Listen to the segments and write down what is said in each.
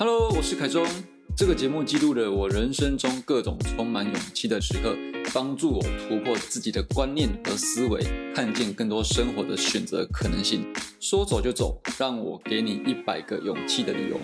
哈嘍，我是凱中。這個節目記錄了我人生中各種充滿勇氣的時刻，幫助我突破自己的觀念和思維，看見更多生活的選擇可能性。說走就走，讓我給你一百個勇氣的理由。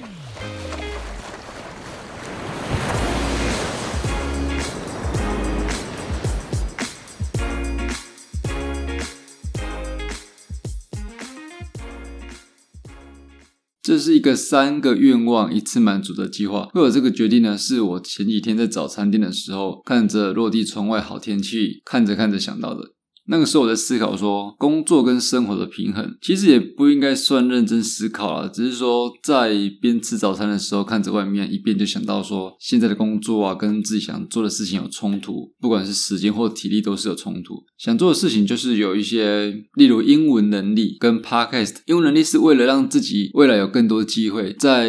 這是一個三個願望一次滿足的計劃。為了這個決定呢，是我前幾天在早餐店的時候，看着落地窗外好天氣，看着看着想到的。那個時候我在思考說，工作跟生活的平衡，其實也不應該算認真思考啦，只是說在邊吃早餐的時候看着外面，一邊就想到說，現在的工作啊跟自己想做的事情有衝突，不管是時間或體力都是有衝突。想做的事情就是有一些，例如英文能力跟 Podcast，英文能力是為了讓自己未來有更多機會在。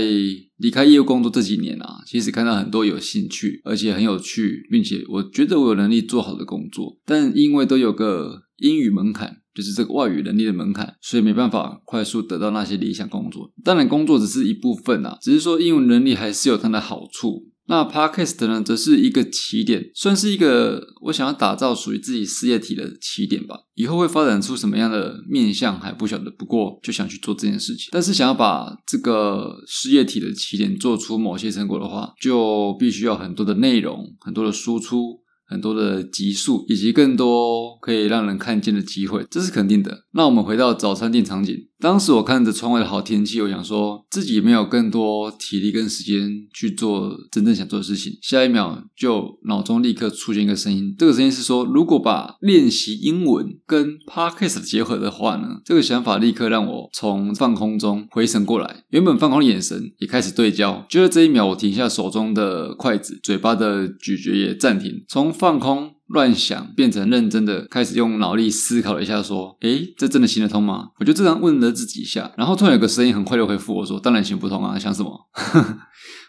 離開業務工作這幾年啊，其實看到很多有興趣、而且很有趣，並且我覺得我有能力做好的工作，但因為都有個英語門檻，就是這個外語能力的門檻，所以沒辦法快速得到那些理想工作。當然，工作只是一部分啊，只是說英文能力還是有它的好處。那 Podcast 呢，則是一個起點，算是一個我想要打造屬於自己事業體的起點吧。以後會發展出什麼樣的面向還不曉得，不過就想去做這件事情。但是想要把這個事業體的起點做出某些成果的話，就必須要很多的內容、很多的輸出、很多的集數，以及更多可以讓人看見的機會，這是肯定的。那我們回到早餐店場景。當時我看着窗外的好天氣，我想說自己沒有更多體力跟時間去做真正想做的事情。下一秒，就腦中立刻出現一個聲音，這個聲音是說，如果把練習英文跟 Podcast 結合的話呢，這個想法立刻讓我從放空中回神過來，原本放空的眼神也開始對焦。就在這一秒，我停下手中的筷子，嘴巴的咀嚼也暫停，從放空。亂想變成認真的，開始用腦力思考了一下，說：“誒、欸，這真的行得通嗎？”我就這樣問了自己一下，然後突然有個聲音很快就回復我說：“當然行不通啊！想什麼？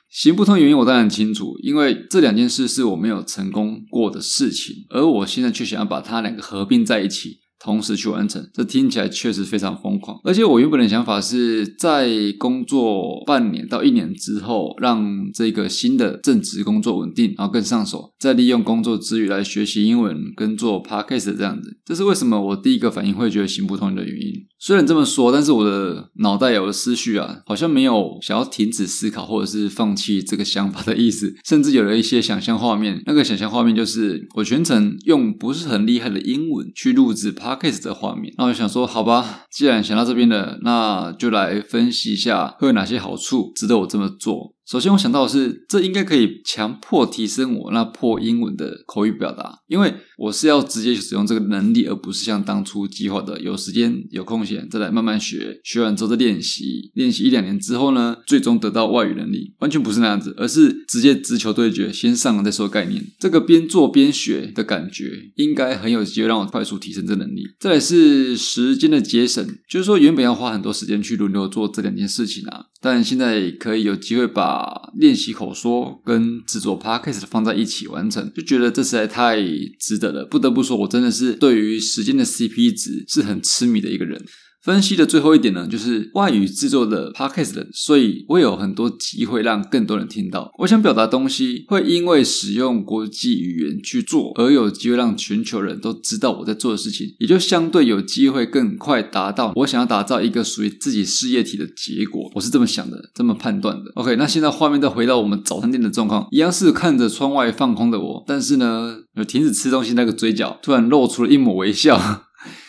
行不通原因我當然清楚，因為這兩件事是我沒有成功過的事情，而我現在卻想要把它兩個合併在一起。”同時去完成，這聽起來確實非常瘋狂。而且我原本的想法是在工作半年到一年之後，讓這個新的正職工作穩定，然後更上手，再利用工作之餘來學習英文跟做 podcast 這樣子。這是為什麼我第一個反應會覺得行不通的原因。雖然這麼說，但是我的腦袋有了思緒啊，好像沒有想要停止思考或者是放棄這個想法的意思，甚至有了一些想象畫面。那個想象畫面就是我全程用不是很厲害的英文去錄製 podcast。case 的畫面，那我想說，好吧，既然想到這邊了，那就來分析一下會有哪些好處，值得我這麼做。首先，我想到的是，這應該可以強迫提升我那破英文的口語表達，因為我是要直接去使用這個能力，而不是像當初計劃的，有時間有空閒再來慢慢學，學完之後再練習，練習一兩年之後呢，最終得到外語能力，完全不是那樣子，而是直接直球對決，先上了再說概念。這個邊做邊學的感覺，應該很有機會讓我快速提升這能力。再來是時間的節省，就是說原本要花很多時間去輪流做這兩件事情啊，但現在可以有機會把。把練習口說跟製作 podcast 放在一起完成，就覺得這實在太值得了。不得不說，我真的是對於時間的 C P 值是很癡迷的一個人。分析的最後一點呢，就是外語制作的 Podcast，人所以我有很多機會讓更多人聽到。我想表達東西會因為使用國際語言去做，而有機會讓全球人都知道我在做的事情，也就相對有機會更快達到我想要打造一個屬於自己事業體的結果。我是這麼想的，這麼判斷的。OK，那現在畫面再回到我們早餐店的狀況，一樣是看着窗外放空的我，但是呢，有停止吃東西，那個嘴角突然露出了一抹微笑。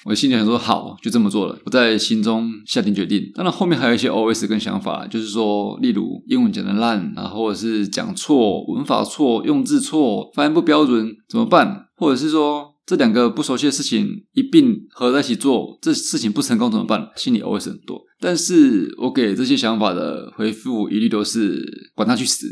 我心裡想說好，就這麼做了。我在心中下定決定。當然，後面還有一些 OS 跟想法，就是說，例如英文講的爛，啊，或者是講錯、文法錯、用字錯、發音不標準，怎麼辦？或者是說，這兩個不熟悉的事情一併合在一起做，這事情不成功怎麼辦？心裡 OS 很多。但是我給這些想法的回復，一律都是管他去死，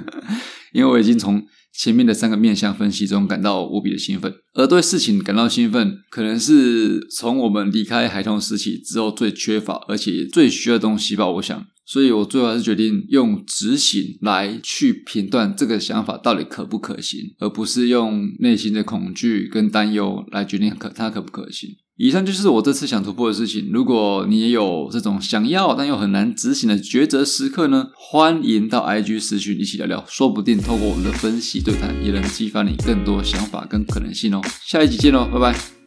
因為我已經從前面的三個面向分析中感到無比的興奮，而對事情感到興奮，可能是從我們離開孩童時期之後最缺乏而且最需要的東西吧。我想，所以我最後還是決定用執行來去評斷這個想法到底可不可行，而不是用內心的恐懼跟擔憂來決定可它可不可行。以上就是我這次想突破的事情。如果你也有這種想要但又很難執行的抉擇時刻呢，歡迎到 IG 私訊一起聊聊，說不定透過我們的分析對談，也能激發你更多想法跟可能性哦。下一集見嘍，哦，拜拜。